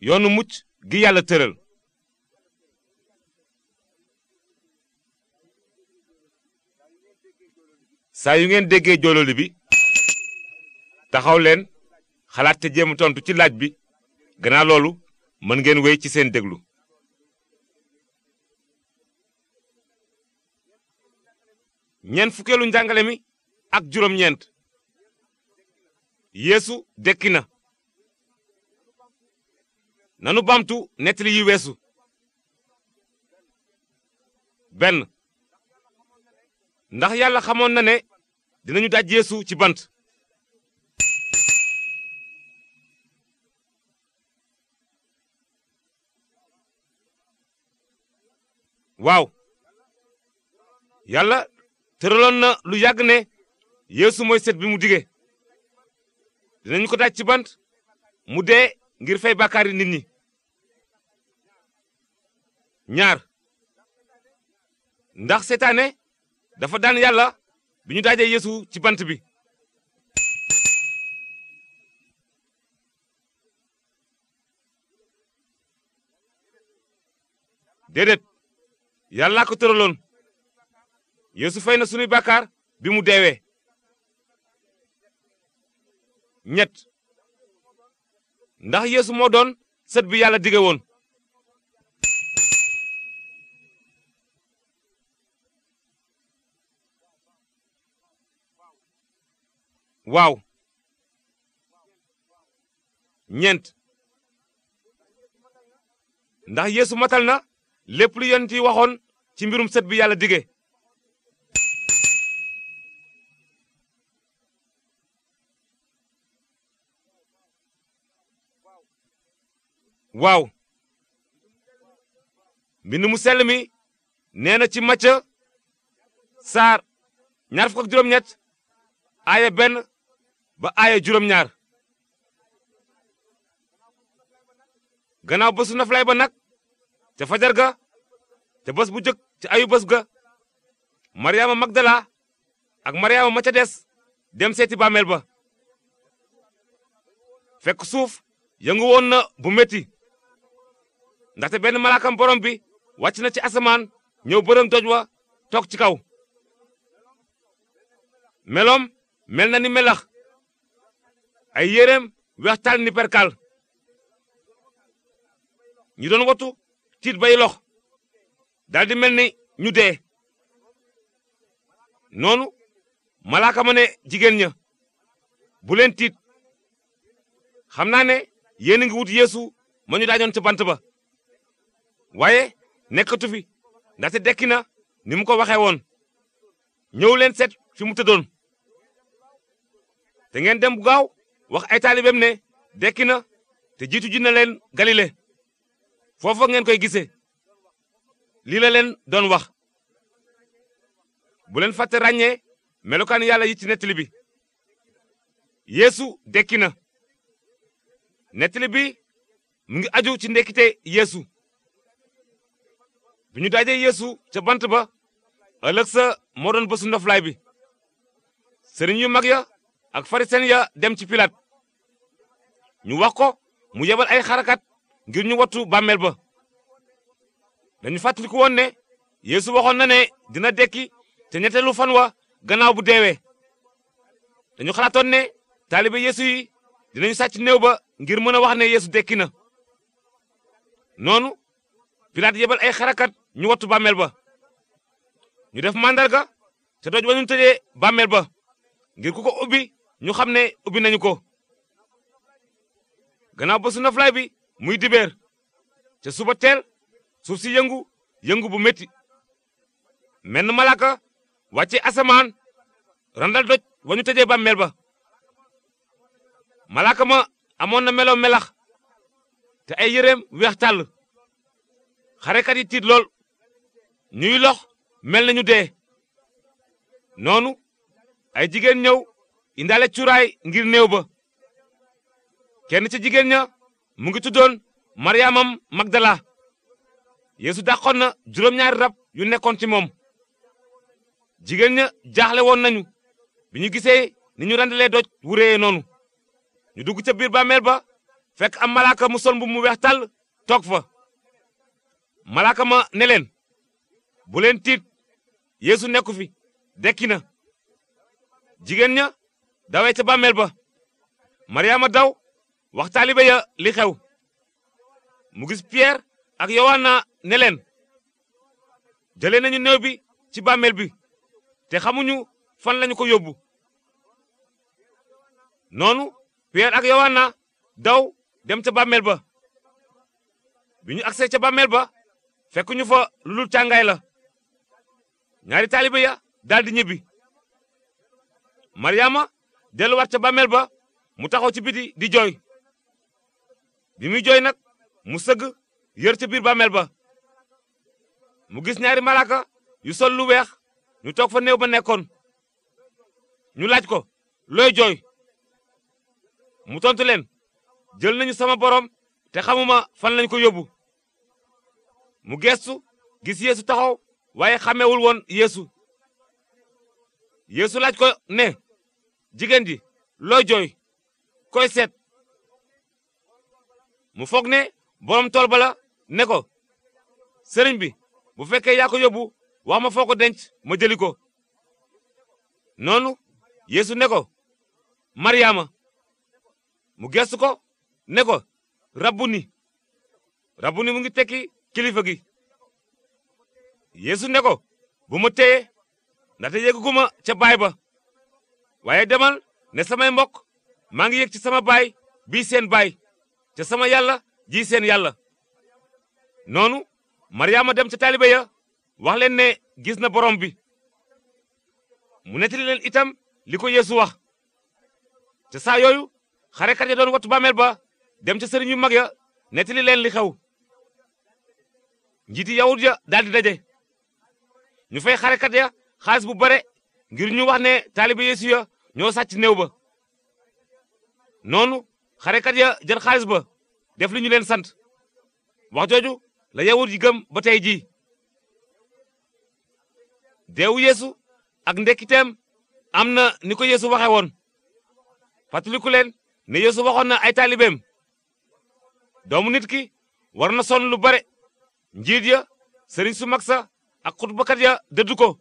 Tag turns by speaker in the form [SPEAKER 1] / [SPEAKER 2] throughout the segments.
[SPEAKER 1] yoonu mucc gi yàlla tëral saa yu ngeen déggee joololi bi taxaw leen xalaat te jéem tontu ci laaj bi gannaaw loolu mën ngeen wéy ci seen déglu ñeent fukkeelu njàngale mi ak juróom-ñeent yeesu dekki na nanu bamtu nettali yi weesu benn ndax yàlla xamoon na ne dinañu daj yéesu ci bant waaw yàlla tëraloon na lu yàgg ne yéesu mooy set bi mu dige dinañu ko daj ci bant mu dee ngir fay bàkkaari nit ñi ñaar ndax seetaane dafa daan yàlla bi ñu daajee yéesu ci bant bi déedéet yàlla ko tëraloon yéesu fay na sunuy bàkkaar bi mu deewee ñett ndax yéesu moo doon sët bi yàlla dige woon waaw ñeent ndax yeesu matal na lépp lu yonent yi waxoon ci mbirum sët bi yàlla dige waaw mbind mu sell mi neena ci Macë saar ñaar fukk ak juróom-ñett aaya benn ba aaya juróom-ñaar gannaaw bësu naflaay ba nag ca fajar ga ca bés bu jëkk ca ayu bés ga maryaama magdala ak maryaama ma ca des dem seeti bàmmeel ba fekk suuf yëngu woon na bu metti ndaxte benn malaakam borom bi wàcc na ci asamaan ñëw bërëm doj wa toog ci kaw meloom mel na ni melax ay yéreem weex tàll ni perkal ñi doon wattu tiit bay lox daldi mel ni ñu dee noonu malaaka mane jigéen ña bu leen tiit xam naa ne yéen a ngi wut yeesu ma ñu ca bant ba waaye nekkatu fi ndaxte dekki na ni mu ko waxee woon ñëw leen seet fi mu te ngeen dem bu wax ay taalibeem ne dekki na te jiitu ji na leen galile foofa ngeen koy gisee lii la leen doon wax bu leen fàtte ràññee melokaan yàlla yi ci nettali bi yeesu dekki na nettali bi mu ngi aju ci ndekkite yéesu bu ñu daajee yéesu ca bant ba ëllëg sa moo doon bësu ndoflaay bi sëriñ yu mag ya ak farisen ya dem ci pilaat ñu wax ko mu yebal ay xarakat ngir ñu wattu bàmmeel ba dañu fàttaliku woon ne yéesu waxoon na ne dina dekki te ñetteelu fan wa ganaaw bu deewee dañu xalaatoon ne taalibe yeesu yi dinañu sàcc néew ba ngir mën a wax ne yeesu dekki na noonu pilaat yebal ay xarakat ñu wattu bàmmeel ba ñu def màndarga te doj wa ñu tëjee bàmmeel ba ngir ku ko ubbi ñu xam ne ubbi nañu ko gannaaw bésu noflaay bi muy dibeer ca suba teel suuf si yëngu yëngu bu métti menn malaaka wàcce asamaan randal doj wa ñu tëjee bàmmeel ba malaaka ma amoon na melo melax te ay yéreem weex tàll xarekat tiit lool ñuy lox mel nañu dee noonu ay jigéen ñëw indaale cuuraay ngir néew ba kenn ca jigéen ña mu ngi tuddoon maryaamam magdala yéesu dàqoon na juróom-ñaari rab yu nekkoon ci moom jigéen ña jaaxle woon nañu bi ñu gisee ni ñu rendalee doj wu réyee noonu ñu dugg ca biir bàmmeel ba fekk am malaaka mu sol mbubb mu weex tàll toog fa malaaka ma ne leen tiit yéesu nekku fi dekki na jigéen ña dawee ca bammeel ba maryaama daw wax taalibe ya li xew mu gis pierre ak yowaana ne leen jëlee néew bi ci bàmmeel bi te xamuñu fan lañu ko yóbbu noonu pierre ak yowaana daw dem ca bammeel ba bi ñu agsee ca bàmmeel ba fekk fa lu dul càngaay la ñaari taalibe ya daldi ñibbi maryaama delluwaat ca bàmmeel ba mu taxaw ci biti di jooy bi muy jooy nag mu sëgg yër ca biir bàmmeel ba mu gis ñaari malaaka yu sol lu weex ñu toog fa néew ba nekkoon ñu laaj ko looy jooy mu tontu leen jël nañu sama boroom te xamuma fan lañ ko yóbbu mu gestu gis yéesu taxaw waaye xamewul woon yéesu yéesu laaj ko ne jigéen ji looy jooy koy seet mu foog ne boroom tool ba la ne ko sëriñ bi bu fekkee yaa ko yóbbu wax ma foo ko denc ma jëli ko noonu yeesu ne ko maryaama mu gestu ko ne ko rabbuni rabbuni mu ngi tekki kilifa gi yeesu ne ko bu ma téye ndaxte yéeguguma ca baay ba waaye demal ne samay mbokk maa ngi yég ci sama baay bii seen baay te sama yàlla ji seen yàlla noonu maryaama dem ca taalibe ya wax leen ne gis na borom bi mu nettali itam li ko yeesu wax te saa yooyu xarekat ya doon wattu ba dem ca sëriñ yu mag ya nettali leen li xew njiit yawut ya daal daje ñu fay xarekat ya xaalis bu bare ngir ñu wax ne taalibe yeesu ya ñoo sàcc néew ba noonu xarekat ya jël xaalis ba def li ñu leen sant wax jooju la yawut yi gëm ba tey jii deewu yéesu ak ndekkiteem am na ni ko yeesu waxe woon fàttaliku leen ne yeesu waxoon na ay taalibeem doomu nit ki war na sonn lu bare njiit ya sëriñ su mag sa ak xutbakat ya dëdd ko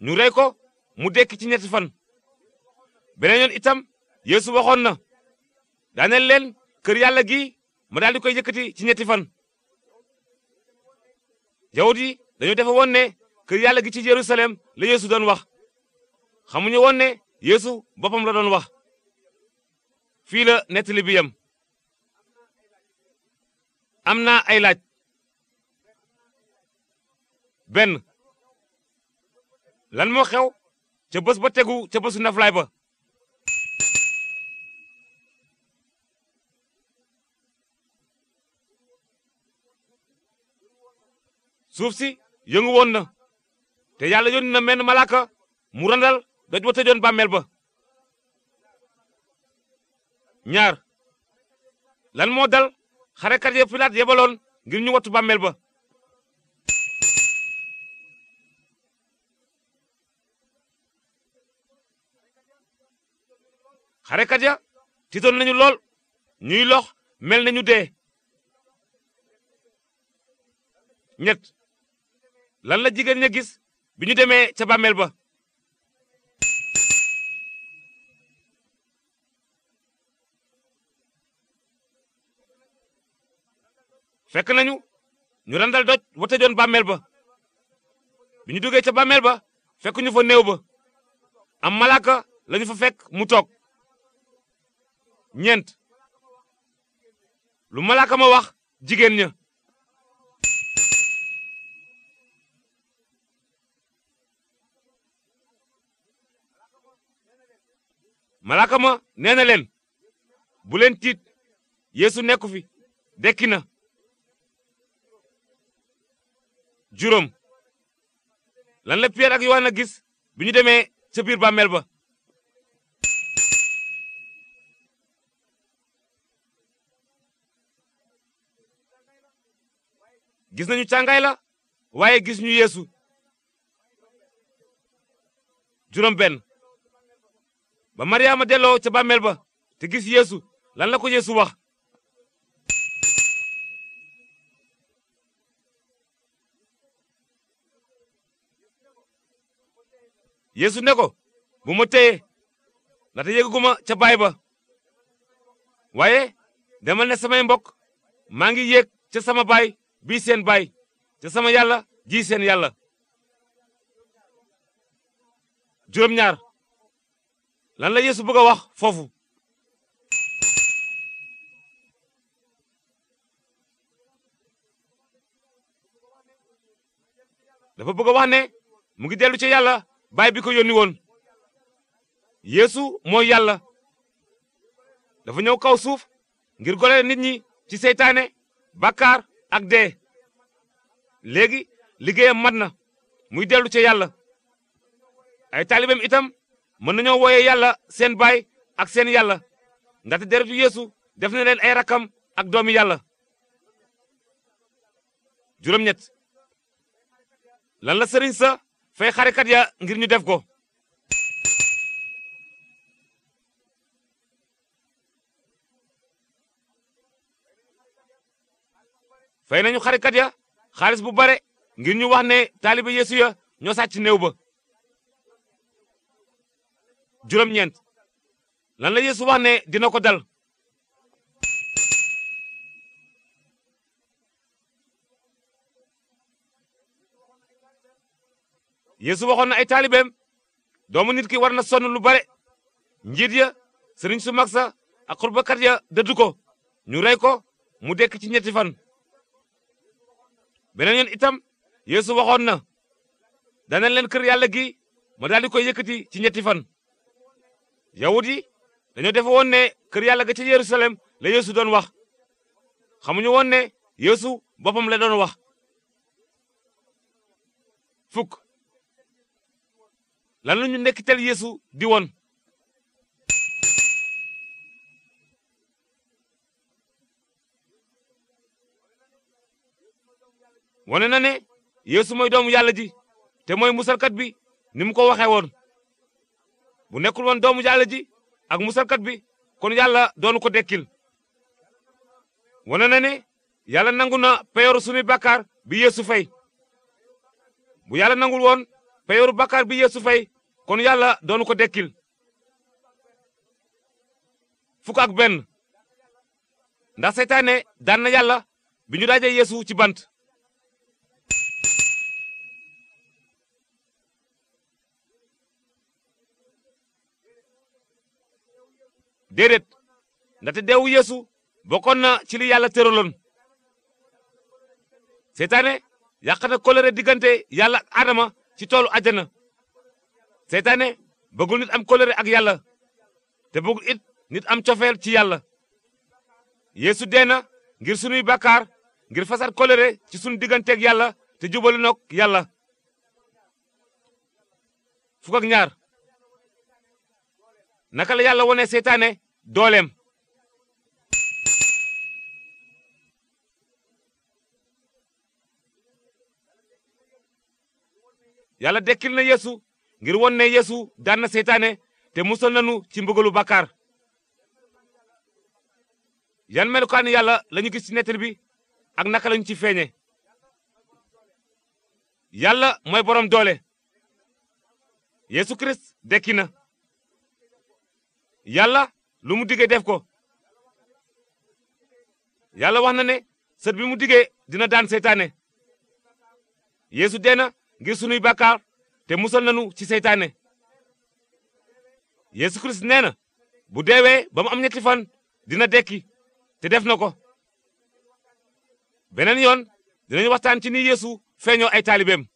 [SPEAKER 1] ñu rey ko mu dekki ci ñetti fan beneen yoon itam yéesu waxoon na daaneel leen kër yàlla gi ma daal di koy yëkkati ci ñetti fan. yawut yi dañoo defe ne kër yàlla gi ci Yerusalem la yéesu doon wax xamuñu woon ne yeesu boppam la doon wax fii la nettali bi yem am naa ay laaj benn lan moo xew ca bës ba tegu ca bésu naflaay ba suuf si yëngu woon na te yàlla yónni na menn malaaka mu randal doj ba tëjoon bàmmeel ba ñaar lan moo dal xarekat ya Pilaat yebaloon ngir ñu wattu bàmmeel ba xarekat ya tiitoon nañu lool ñuy lox mel nañu dee ñett lan la jigéen ña gis bi ñu demee ca bammeel ba fekk nañu ñu randal doj watajoon bàmmeel ba bi ñu duggee ca bammeel ba fekk ñu fa néew ba am malaaka lañu fa fekk mu toog ñeent lu malaaka ma wax jigéen ña malaaka ma nee na leen bu leen tiit yeesu nekku fi dekki na juróom lan la Pierre ak Yowaana gis bi ñu demee ca biir bàmmeel ba gis nañu càngaay la waaye gis ñu yeesu juróom benn ba Mariama delloo ca bàmmeel ba te gis yéesu lan la ko Yeesu wax. yéesu ne ko bu ma téye ndaxte yéegaguma ca baay ba waaye demal ne samay mbokk maa ngi yéeg ca sama baay bii seen baay ca sama yàlla ji seen yàlla. juróom ñaar lan la yeesu bëgg wax foofu dafa bëgg a wax ne mu ngi dellu ci yàlla baay bi ko yónni woon yeesu mooy yàlla dafa ñëw kaw suuf ngir gole nit ñi ci seytaane bakkaar ak dee léegi liggéeyam mat na muy dellu ci yàlla ay taalibeem itam mën nañoo wooyee yàlla seen baay ak seen yàlla ndaxte deretu yeesu def na leen ay rakam ak doomi yàlla. juróom-ñett lan la sëriñ sa fay xarekat ya ngir ñu def ko. fay nañu xarekat ya xaalis bu bare ngir ñu wax ne taalibe yeesu ya ñoo sàcc néew ba. juróom-ñeent lan la Yeesu dina ko dal Yeesu waxoon na ay taalibeem doomu nit ki war na sonn lu bare njiit ya sëriñ su mag sa ak xurbakat ya dëdd ko ñu rey ko mu dekk ci ñetti fan beneen yoon itam Yeesu waxoon na danañ leen kër yàlla gi ma daal di koy yëkkati ci ñetti fan yawut yi dañoo defe woon ne kër yàlla ga ca yerusalem la yeesu doon wax xamuñu woon ne yeesu boppam la doon wax fuk lan la ñu ndekkital yéesu di woon wane na ne yeesu mooy doomu yàlla ji te mooy musalkat bi ni mu ko waxee woon bu nekkul woon doomu yàlla ji ak musalkat bi kon yàlla doonu ko dekkil wane na ne yàlla nangu na peyoru sunu bàkkaar bi yeesu fay bu yàlla nangul woon peyoru bàkkaar bi yeesu fay kon yàlla doonu ko dekkil fukk ak benn ndax seytaane daan na yàlla bi ñu daajee yeesu ci bant déedéet ndaxte deewu yeesu bokkoon na ci li yàlla tëraloon seytaane yàq na kóllëre diggante yàlla ak aadama ci toolu àjjana seytaane bëggul nit am kóllëre ak yàlla te bëggul it nit am cofeel ci yàlla yeesu dee ngir sunuy bakkaar ngir fasar kóllëre ci sunu digganteeg yàlla te jubali yàlla fukk ak ñaar naka la yàlla wone seytaane dooleem yàlla dekkil na yeesu ngir won ne yeesu daan na seytaane te musal nanu ci mbugalu bàkkaar yan melukaani yàlla lañu gis ci nettali bi ak naka lañu ci feeñe yàlla mooy boroom doole yeesu kirist dekki na lu mu diggee def ko yàlla wax na ne sët bi mu diggee dina daan seytaane yéesu dee na ngir sunuy bàkkaar te musal nanu ci seytaane yeesu kirist nee na bu deewee ba mu am ñetti fan dina dekki te def na ko beneen yoon dinañu waxtaan ci ni yéesu feeñoo ay taalibeem